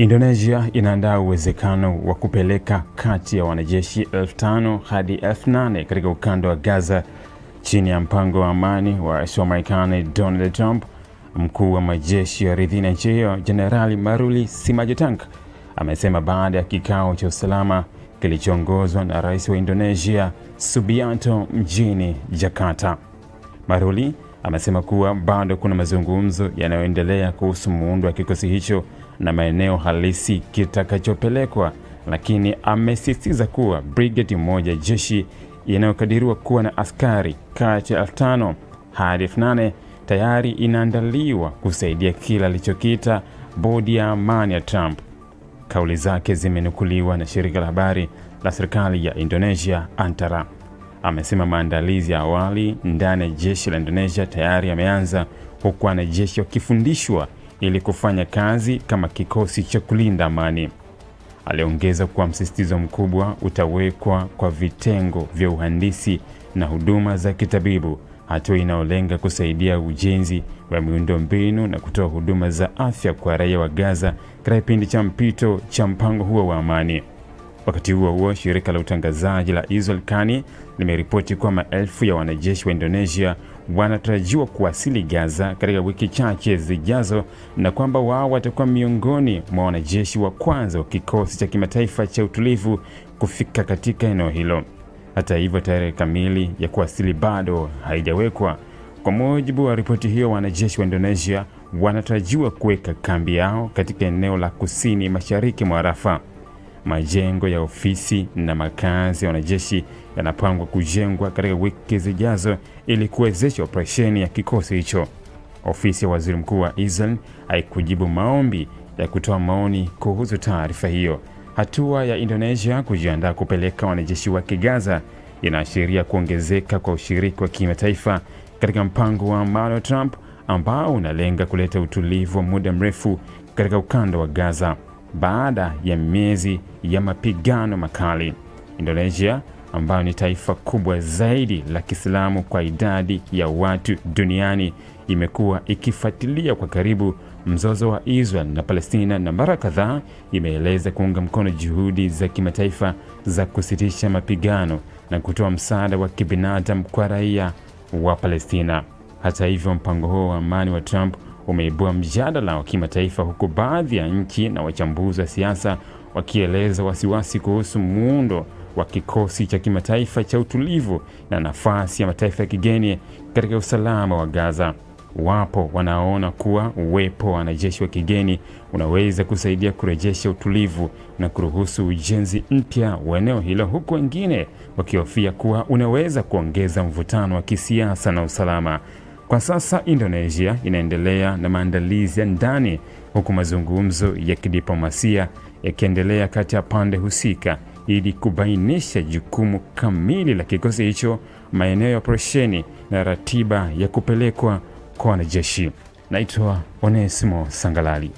Indonesia inaandaa uwezekano wa kupeleka kati ya wanajeshi elfu tano hadi elfu nane katika ukanda wa Gaza chini ya mpango wa amani wa rais wa Marekani Donald Trump. Mkuu wa majeshi ya ardhini ya nchi hiyo Jenerali Maruli Simanjuntak amesema baada ya kikao cha usalama kilichoongozwa na rais wa Indonesia Subianto mjini Jakarta. Maruli amesema kuwa bado kuna mazungumzo yanayoendelea kuhusu muundo wa kikosi hicho na maeneo halisi kitakachopelekwa, lakini amesisitiza kuwa brigedi moja jeshi inayokadiriwa kuwa na askari kati ya elfu tano hadi elfu nane tayari inaandaliwa kusaidia kile alichokiita bodi ya amani ya Trump. Kauli zake zimenukuliwa na shirika la habari la serikali ya Indonesia Antara. Amesema maandalizi ya awali ndani ya jeshi la Indonesia tayari yameanza, huku wanajeshi wakifundishwa ili kufanya kazi kama kikosi cha kulinda amani. Aliongeza kuwa msisitizo mkubwa utawekwa kwa vitengo vya uhandisi na huduma za kitabibu, hatua inayolenga kusaidia ujenzi wa miundombinu na kutoa huduma za afya kwa raia wa Gaza katika kipindi cha mpito cha mpango huo wa amani. Wakati huo huo, shirika la utangazaji la Israel Kani limeripoti kuwa maelfu ya wanajeshi wa Indonesia wanatarajiwa kuwasili Gaza katika wiki chache zijazo na kwamba wao watakuwa miongoni mwa wanajeshi wa kwanza wa kikosi cha kimataifa cha utulivu kufika katika eneo hilo. Hata hivyo, tarehe kamili ya kuwasili bado haijawekwa. Kwa mujibu wa ripoti hiyo, wanajeshi wa Indonesia wanatarajiwa kuweka kambi yao katika eneo la kusini mashariki mwa Rafa. Majengo ya ofisi na makazi ya wanajeshi yanapangwa kujengwa katika wiki zijazo ili kuwezesha operesheni ya kikosi hicho. Ofisi ya waziri mkuu wa Israel haikujibu maombi ya kutoa maoni kuhusu taarifa hiyo. Hatua ya Indonesia kujiandaa kupeleka wanajeshi wake Gaza inaashiria kuongezeka kwa ushiriki wa kimataifa katika mpango wa wa Trump ambao unalenga kuleta utulivu wa muda mrefu katika ukanda wa Gaza baada ya miezi ya mapigano makali. Indonesia ambayo ni taifa kubwa zaidi la Kiislamu kwa idadi ya watu duniani imekuwa ikifuatilia kwa karibu mzozo wa Israel na Palestina na mara kadhaa imeeleza kuunga mkono juhudi za kimataifa za kusitisha mapigano na kutoa msaada wa kibinadamu kwa raia wa Palestina. Hata hivyo, mpango huo wa amani wa Trump umeibua mjadala wa kimataifa huku baadhi ya nchi na wachambuzi wa siasa wakieleza wasiwasi kuhusu muundo wa kikosi cha kimataifa cha utulivu na nafasi ya mataifa ya kigeni katika usalama wa Gaza. Wapo wanaona kuwa uwepo wa wanajeshi wa kigeni unaweza kusaidia kurejesha utulivu na kuruhusu ujenzi mpya wa eneo hilo, huku wengine wakihofia kuwa unaweza kuongeza mvutano wa kisiasa na usalama. Kwa sasa Indonesia inaendelea na maandalizi ya ndani, huku mazungumzo ya kidiplomasia yakiendelea kati ya pande husika ili kubainisha jukumu kamili la kikosi hicho, maeneo ya operesheni na ratiba ya kupelekwa kwa wanajeshi. Naitwa onesimo Sangalali.